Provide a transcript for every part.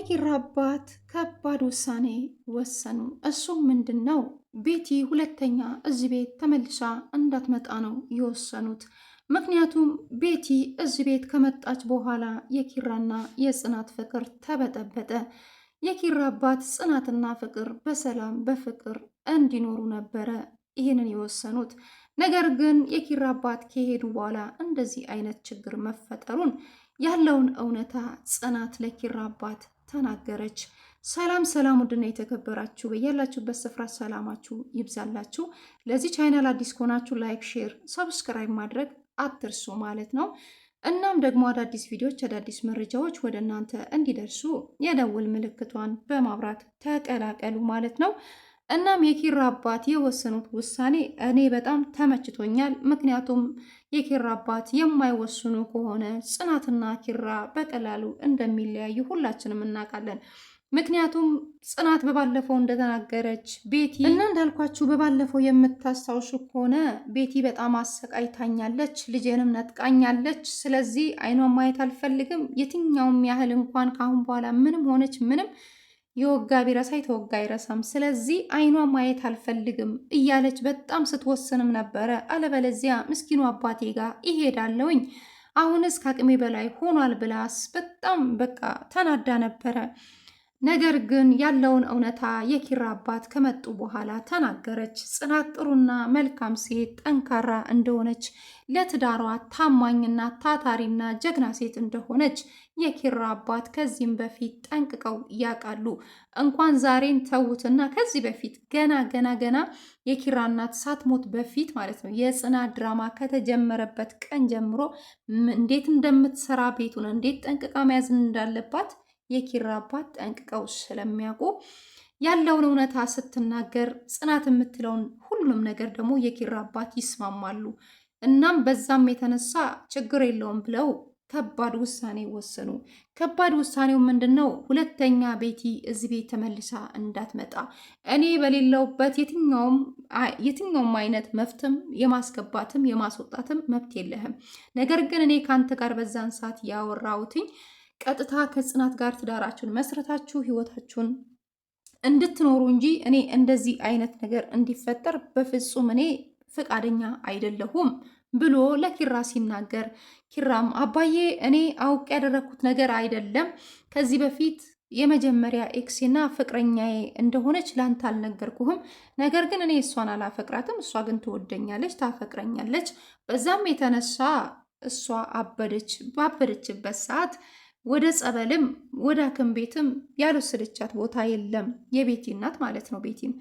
የኪራ አባት ከባድ ውሳኔ ወሰኑ። እሱም ምንድን ነው? ቤቲ ሁለተኛ እዚህ ቤት ተመልሳ እንዳትመጣ ነው የወሰኑት። ምክንያቱም ቤቲ እዚህ ቤት ከመጣች በኋላ የኪራና የጽናት ፍቅር ተበጠበጠ። የኪራ አባት ጽናትና ፍቅር በሰላም በፍቅር እንዲኖሩ ነበረ ይህንን የወሰኑት። ነገር ግን የኪራ አባት ከሄዱ በኋላ እንደዚህ አይነት ችግር መፈጠሩን ያለውን እውነታ ጽናት ለኪራ አባት ተናገረች። ሰላም ሰላም፣ ውድና የተከበራችሁ በያላችሁበት ስፍራ ሰላማችሁ ይብዛላችሁ። ለዚህ ቻይናል አዲስ ከሆናችሁ ላይክ፣ ሼር፣ ሰብስክራይብ ማድረግ አትርሱ ማለት ነው። እናም ደግሞ አዳዲስ ቪዲዮዎች፣ አዳዲስ መረጃዎች ወደ እናንተ እንዲደርሱ የደውል ምልክቷን በማብራት ተቀላቀሉ ማለት ነው። እናም የኪራ አባት የወሰኑት ውሳኔ እኔ በጣም ተመችቶኛል። ምክንያቱም የኪራ አባት የማይወስኑ ከሆነ ጽናትና ኪራ በቀላሉ እንደሚለያዩ ሁላችንም እናውቃለን። ምክንያቱም ጽናት በባለፈው እንደተናገረች ቤቲ እና እንዳልኳችሁ በባለፈው የምታስታውሱ ከሆነ ቤቲ በጣም አሰቃይታኛለች፣ ልጄንም ነጥቃኛለች። ስለዚህ አይኗን ማየት አልፈልግም። የትኛውም ያህል እንኳን ከአሁን በኋላ ምንም ሆነች ምንም የወጋ ቢረሳ የተወጋ አይረሳም፣ ስለዚህ አይኗ ማየት አልፈልግም እያለች በጣም ስትወስንም ነበረ። አለበለዚያ ምስኪኑ አባቴ ጋር ይሄዳለውኝ አሁንስ ከአቅሜ በላይ ሆኗል ብላስ በጣም በቃ ተናዳ ነበረ። ነገር ግን ያለውን እውነታ የኪራ አባት ከመጡ በኋላ ተናገረች። ጽናት ጥሩና መልካም ሴት፣ ጠንካራ እንደሆነች ለትዳሯ ታማኝና ታታሪና ጀግና ሴት እንደሆነች የኪራ አባት ከዚህም በፊት ጠንቅቀው ያውቃሉ። እንኳን ዛሬን ተዉትና ከዚህ በፊት ገና ገና ገና የኪራ እናት ሳትሞት በፊት ማለት ነው የጽናት ድራማ ከተጀመረበት ቀን ጀምሮ እንዴት እንደምትሰራ ቤቱን እንዴት ጠንቅቃ መያዝን እንዳለባት የኪራ አባት ጠንቅቀው ስለሚያውቁ ያለውን እውነታ ስትናገር ጽናት የምትለውን ሁሉንም ነገር ደግሞ የኪራ አባት ይስማማሉ። እናም በዛም የተነሳ ችግር የለውም ብለው ከባድ ውሳኔ ወሰኑ። ከባድ ውሳኔው ምንድን ነው? ሁለተኛ ቤቲ እዚህ ቤት ተመልሳ እንዳትመጣ እኔ በሌለውበት የትኛውም አይነት መፍትም የማስገባትም የማስወጣትም መብት የለህም። ነገር ግን እኔ ከአንተ ጋር በዛን ሰዓት ያወራሁትኝ ቀጥታ ከጽናት ጋር ትዳራችሁን መስረታችሁ ህይወታችሁን እንድትኖሩ እንጂ እኔ እንደዚህ አይነት ነገር እንዲፈጠር በፍጹም እኔ ፈቃደኛ አይደለሁም ብሎ ለኪራ ሲናገር፣ ኪራም አባዬ እኔ አውቅ ያደረግኩት ነገር አይደለም ከዚህ በፊት የመጀመሪያ ኤክሴና ፍቅረኛዬ እንደሆነች ላንተ አልነገርኩህም። ነገር ግን እኔ እሷን አላፈቅራትም፣ እሷ ግን ትወደኛለች፣ ታፈቅረኛለች። በዛም የተነሳ እሷ አበደች። ባበደችበት ሰዓት ወደ ጸበልም ወደ ሐኪም ቤትም ያልወሰደቻት ቦታ የለም። የቤቲ እናት ማለት ነው ቤቲን።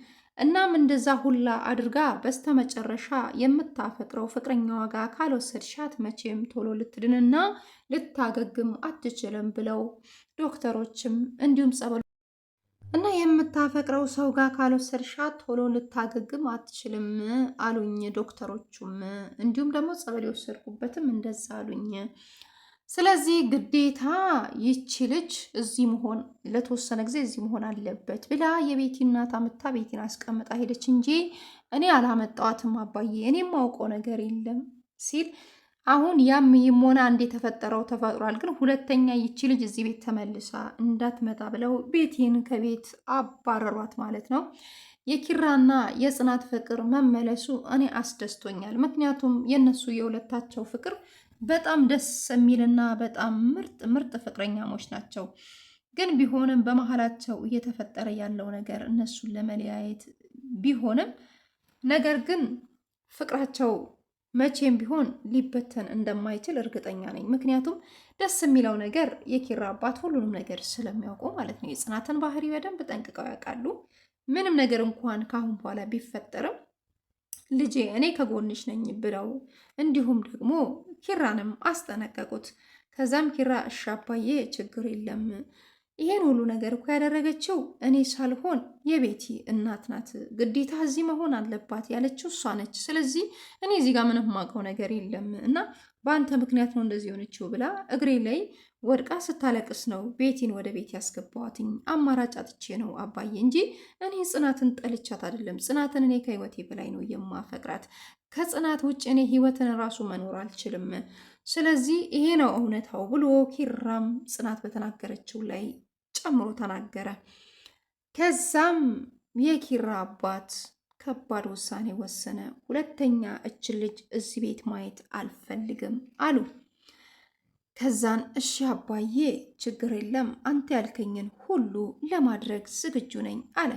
እናም እንደዛ ሁላ አድርጋ በስተመጨረሻ የምታፈቅረው ፍቅረኛዋ ጋር ካልወሰድሻት መቼም ቶሎ ልትድንና ልታገግም አትችልም ብለው ዶክተሮችም እንዲሁም ጸበሉ እና የምታፈቅረው ሰው ጋር ካልወሰድሻት ቶሎ ልታገግም አትችልም አሉኝ ዶክተሮቹም። እንዲሁም ደግሞ ጸበል የወሰድኩበትም እንደዛ አሉኝ። ስለዚህ ግዴታ ይቺ ልጅ እዚህ መሆን ለተወሰነ ጊዜ እዚህ መሆን አለበት ብላ የቤቲ እናት አምታ ቤቲን አስቀምጣ ሄደች እንጂ እኔ አላመጣዋትም አባዬ፣ እኔ አውቀው ነገር የለም ሲል አሁን ያም ይህም ሆነ አንድ የተፈጠረው ተፈጥሯል። ግን ሁለተኛ ይቺ ልጅ እዚህ ቤት ተመልሳ እንዳትመጣ ብለው ቤቲን ከቤት አባረሯት ማለት ነው። የኪራና የጽናት ፍቅር መመለሱ እኔ አስደስቶኛል። ምክንያቱም የነሱ የሁለታቸው ፍቅር በጣም ደስ የሚልና በጣም ምርጥ ምርጥ ፍቅረኛሞች ናቸው። ግን ቢሆንም በመሀላቸው እየተፈጠረ ያለው ነገር እነሱን ለመለያየት ቢሆንም ነገር ግን ፍቅራቸው መቼም ቢሆን ሊበተን እንደማይችል እርግጠኛ ነኝ። ምክንያቱም ደስ የሚለው ነገር የኪራ አባት ሁሉንም ነገር ስለሚያውቁ ማለት ነው። የጽናትን ባህሪ በደንብ ጠንቅቀው ያውቃሉ። ምንም ነገር እንኳን ከአሁን በኋላ ቢፈጠርም ልጄ እኔ ከጎንሽ ነኝ ብለው እንዲሁም ደግሞ ኪራንም አስጠነቀቁት። ከዛም ኪራ እሻባዬ ችግር የለም ይሄን ሁሉ ነገር እኮ ያደረገችው እኔ ሳልሆን የቤቲ እናት ናት። ግዴታ እዚህ መሆን አለባት ያለችው እሷ ነች። ስለዚህ እኔ እዚህ ጋር ምንም ማውቀው ነገር የለም እና በአንተ ምክንያት ነው እንደዚህ የሆነችው ብላ እግሬ ላይ ወድቃ ስታለቅስ ነው ቤቲን ወደ ቤት ያስገባዋትኝ። አማራጭ አጥቼ ነው አባዬ እንጂ እኔ ጽናትን ጠልቻት አይደለም። ጽናትን እኔ ከህይወቴ በላይ ነው የማፈቅራት። ከጽናት ውጭ እኔ ህይወትን ራሱ መኖር አልችልም። ስለዚህ ይሄ ነው እውነታው ብሎ ኪራም ጽናት በተናገረችው ላይ ጨምሮ ተናገረ። ከዛም የኪራ አባት ከባድ ውሳኔ ወሰነ። ሁለተኛ እችን ልጅ እዚህ ቤት ማየት አልፈልግም አሉ። ከዛን እሺ አባዬ ችግር የለም አንተ ያልከኝን ሁሉ ለማድረግ ዝግጁ ነኝ አለ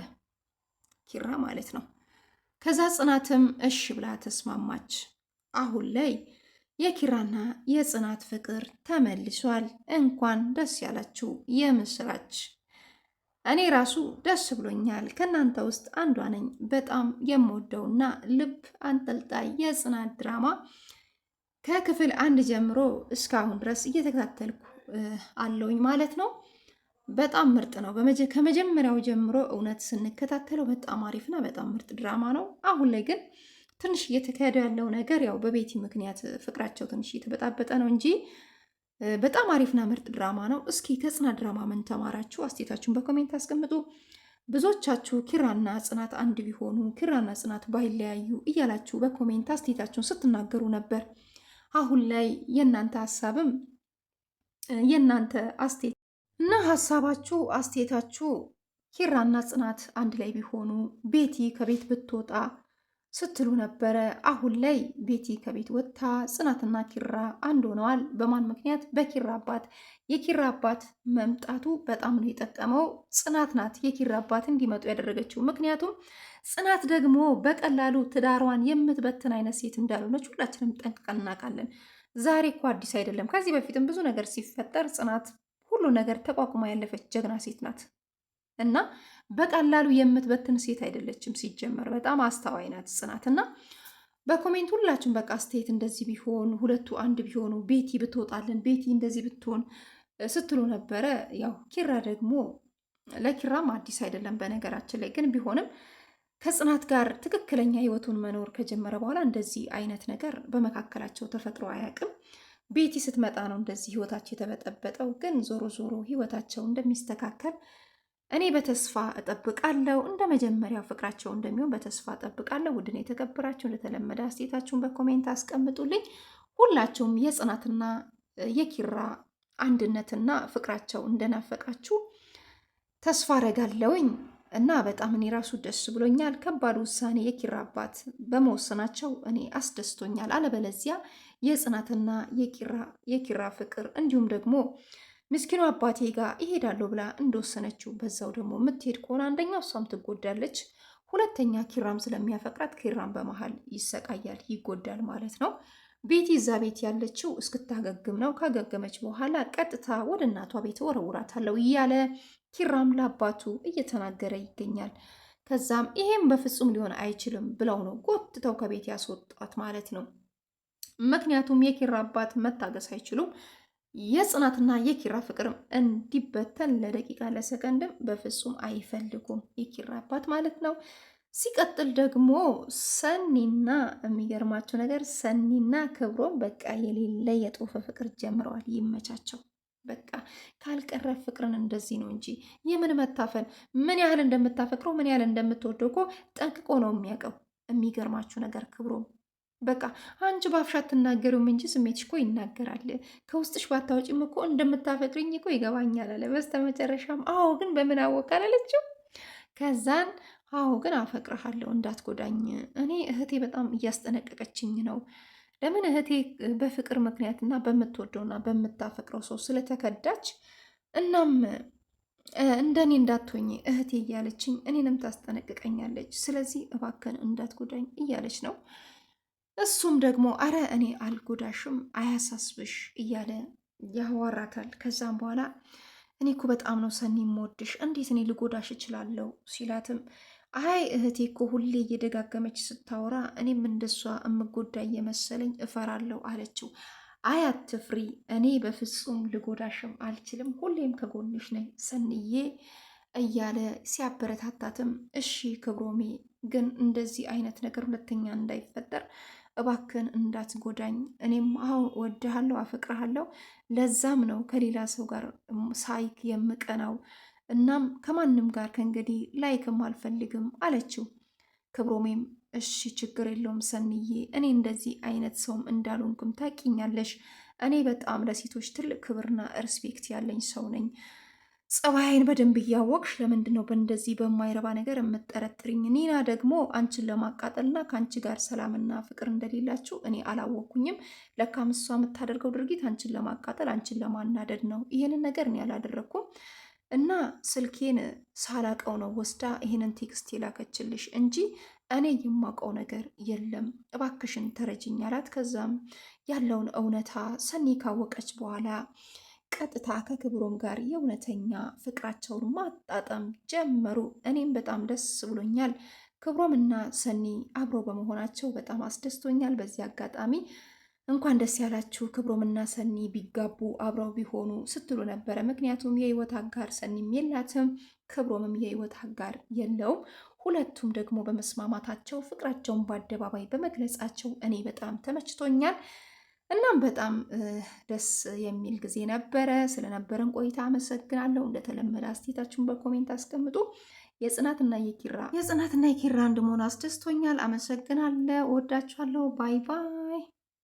ኪራ ማለት ነው። ከዛ ጽናትም እሺ ብላ ተስማማች። አሁን ላይ የኪራና የጽናት ፍቅር ተመልሷል። እንኳን ደስ ያላችሁ፣ የምስራች። እኔ ራሱ ደስ ብሎኛል። ከእናንተ ውስጥ አንዷ ነኝ። በጣም የምወደውና ልብ አንጠልጣይ የጽናት ድራማ ከክፍል አንድ ጀምሮ እስካሁን ድረስ እየተከታተልኩ አለውኝ ማለት ነው። በጣም ምርጥ ነው። ከመጀመሪያው ጀምሮ እውነት ስንከታተለው በጣም አሪፍና በጣም ምርጥ ድራማ ነው። አሁን ላይ ግን ትንሽ እየተካሄደ ያለው ነገር ያው በቤቲ ምክንያት ፍቅራቸው ትንሽ እየተበጣበጠ ነው እንጂ በጣም አሪፍና ምርጥ ድራማ ነው። እስኪ ከጽናት ድራማ ምን ተማራችሁ? አስቴታችሁን በኮሜንት አስቀምጡ። ብዙዎቻችሁ ኪራና ጽናት አንድ ቢሆኑ ኪራና ጽናት ባይለያዩ እያላችሁ በኮሜንት አስቴታችሁን ስትናገሩ ነበር። አሁን ላይ የእናንተ ሀሳብም የእናንተ አስቴት እና ሀሳባችሁ አስቴታችሁ ኪራና ጽናት አንድ ላይ ቢሆኑ ቤቲ ከቤት ብትወጣ ስትሉ ነበረ። አሁን ላይ ቤቲ ከቤት ወጥታ ጽናትና ኪራ አንድ ሆነዋል። በማን ምክንያት? በኪራ አባት። የኪራ አባት መምጣቱ በጣም ነው የጠቀመው። ጽናት ናት የኪራ አባት እንዲመጡ ያደረገችው። ምክንያቱም ጽናት ደግሞ በቀላሉ ትዳሯን የምትበትን አይነት ሴት እንዳልሆነች ሁላችንም ጠንቅቀን እናውቃለን። ዛሬ እኮ አዲስ አይደለም። ከዚህ በፊትም ብዙ ነገር ሲፈጠር ጽናት ሁሉ ነገር ተቋቁማ ያለፈች ጀግና ሴት ናት። እና በቀላሉ የምትበትን ሴት አይደለችም። ሲጀመር በጣም አስተዋይ ናት ጽናት እና በኮሜንት ሁላችሁም በቃ አስተያየት እንደዚህ ቢሆን ሁለቱ አንድ ቢሆኑ ቤቲ ብትወጣለን፣ ቤቲ እንደዚህ ብትሆን ስትሉ ነበረ። ያው ኪራ ደግሞ ለኪራም አዲስ አይደለም በነገራችን ላይ ግን ቢሆንም ከጽናት ጋር ትክክለኛ ህይወቱን መኖር ከጀመረ በኋላ እንደዚህ አይነት ነገር በመካከላቸው ተፈጥሮ አያውቅም። ቤቲ ስትመጣ ነው እንደዚህ ህይወታቸው የተበጠበጠው። ግን ዞሮ ዞሮ ህይወታቸው እንደሚስተካከል እኔ በተስፋ እጠብቃለሁ እንደ መጀመሪያው ፍቅራቸው እንደሚሆን በተስፋ እጠብቃለሁ። ውድን የተከበራችሁ እንደተለመደ አስተያየታችሁን በኮሜንት አስቀምጡልኝ። ሁላችሁም የጽናትና የኪራ አንድነትና ፍቅራቸው እንደናፈቃችሁ ተስፋ አረጋለውኝ እና በጣም እኔ ራሱ ደስ ብሎኛል። ከባድ ውሳኔ የኪራ አባት በመወሰናቸው እኔ አስደስቶኛል። አለበለዚያ የጽናትና የኪራ ፍቅር እንዲሁም ደግሞ ምስኪኑ አባቴ ጋር እሄዳለሁ ብላ እንደወሰነችው በዛው ደግሞ የምትሄድ ከሆነ አንደኛ እሷም ትጎዳለች፣ ሁለተኛ ኪራም ስለሚያፈቅራት ኪራም በመሀል ይሰቃያል፣ ይጎዳል ማለት ነው። ቤቲ እዛ ቤት ያለችው እስክታገግም ነው። ካገገመች በኋላ ቀጥታ ወደ እናቷ ቤት ወረውራታለሁ እያለ ኪራም ለአባቱ እየተናገረ ይገኛል። ከዛም ይሄም በፍጹም ሊሆን አይችልም ብለው ነው ጎትተው ከቤት ያስወጣት ማለት ነው። ምክንያቱም የኪራ አባት መታገስ አይችሉም። የጽናትና የኪራ ፍቅርም እንዲበተን ለደቂቃ ለሰከንድም በፍጹም አይፈልጉም፣ የኪራ አባት ማለት ነው። ሲቀጥል ደግሞ ሰኒና የሚገርማቸው ነገር ሰኒና ክብሮም በቃ የሌለ የጦፈ ፍቅር ጀምረዋል። ይመቻቸው። በቃ ካልቀረ ፍቅርን እንደዚህ ነው እንጂ የምን መታፈን። ምን ያህል እንደምታፈቅረው ምን ያህል እንደምትወደው እኮ ጠንቅቆ ነው የሚያውቀው። የሚገርማችሁ ነገር ክብሮም በቃ አንቺ በአፍሻ አትናገሩም እንጂ ስሜትሽ እኮ ይናገራል። ከውስጥሽ ባታወጪም እኮ እንደምታፈቅርኝ እኮ ይገባኛል አለ። በስተ መጨረሻም አዎ ግን በምን አወቅ አለችው። ከዛን አዎ ግን አፈቅርሃለሁ እንዳትጎዳኝ፣ እኔ እህቴ በጣም እያስጠነቀቀችኝ ነው። ለምን እህቴ በፍቅር ምክንያትና በምትወደውና በምታፈቅረው ሰው ስለተከዳች እናም እንደኔ እንዳትሆኝ እህቴ እያለችኝ እኔንም ታስጠነቅቀኛለች። ስለዚህ እባከን እንዳትጎዳኝ እያለች ነው እሱም ደግሞ አረ እኔ አልጎዳሽም አያሳስብሽ እያለ ያዋራታል። ከዛም በኋላ እኔ እኮ በጣም ነው ሰኒ የምወድሽ፣ እንዴት እኔ ልጎዳሽ እችላለሁ ሲላትም አይ እህቴ እኮ ሁሌ እየደጋገመች ስታወራ እኔም እንደሷ እምጎዳ እየመሰለኝ እፈራለሁ አለችው። አይ አትፍሪ፣ እኔ በፍጹም ልጎዳሽም አልችልም፣ ሁሌም ከጎንሽ ነኝ ሰንዬ እያለ ሲያበረታታትም እሺ ክብሮሜ ግን እንደዚህ አይነት ነገር ሁለተኛ እንዳይፈጠር እባክን እንዳትጎዳኝ፣ እኔም አዎ ወድሃለሁ፣ አፈቅርሃለሁ። ለዛም ነው ከሌላ ሰው ጋር ሳይክ የምቀናው። እናም ከማንም ጋር ከእንግዲህ ላይክም አልፈልግም አለችው። ክብሮሜም እሺ ችግር የለውም ሰንዬ፣ እኔ እንደዚህ አይነት ሰውም እንዳልሆንኩም ታውቂኛለሽ። እኔ በጣም ለሴቶች ትልቅ ክብርና ሪስፔክት ያለኝ ሰው ነኝ። ጸባይን በደንብ እያወቅሽ ለምንድን ነው በእንደዚህ በማይረባ ነገር የምጠረጥርኝ? ኒና ደግሞ አንቺን ለማቃጠልና ከአንቺ ጋር ሰላምና ፍቅር እንደሌላችሁ እኔ አላወቅኩኝም። ለካም እሷ የምታደርገው ድርጊት አንቺን ለማቃጠል፣ አንቺን ለማናደድ ነው። ይህንን ነገር እኔ አላደረግኩም እና ስልኬን ሳላቀው ነው ወስዳ ይህንን ቴክስት የላከችልሽ እንጂ እኔ የማውቀው ነገር የለም። እባክሽን ተረጅኝ አላት። ከዛም ያለውን እውነታ ሰኒ ካወቀች በኋላ ቀጥታ ከክብሮም ጋር የእውነተኛ ፍቅራቸውን ማጣጠም ጀመሩ። እኔም በጣም ደስ ብሎኛል። ክብሮም እና ሰኒ አብሮ በመሆናቸው በጣም አስደስቶኛል። በዚህ አጋጣሚ እንኳን ደስ ያላችሁ ክብሮምና ሰኒ ቢጋቡ አብረው ቢሆኑ ስትሉ ነበረ። ምክንያቱም የህይወት አጋር ሰኒም የላትም፣ ክብሮምም የህይወት አጋር የለውም። ሁለቱም ደግሞ በመስማማታቸው ፍቅራቸውን በአደባባይ በመግለጻቸው እኔ በጣም ተመችቶኛል። እናም በጣም ደስ የሚል ጊዜ ነበረ። ስለነበረን ቆይታ አመሰግናለሁ። እንደተለመደ አስቴታችሁን በኮሜንት አስቀምጡ። የጽናትና የኪራ የጽናትና የኪራ አንድ መሆኑ አስደስቶኛል። አመሰግናለሁ። ወዳችኋለሁ። ባይ ባይ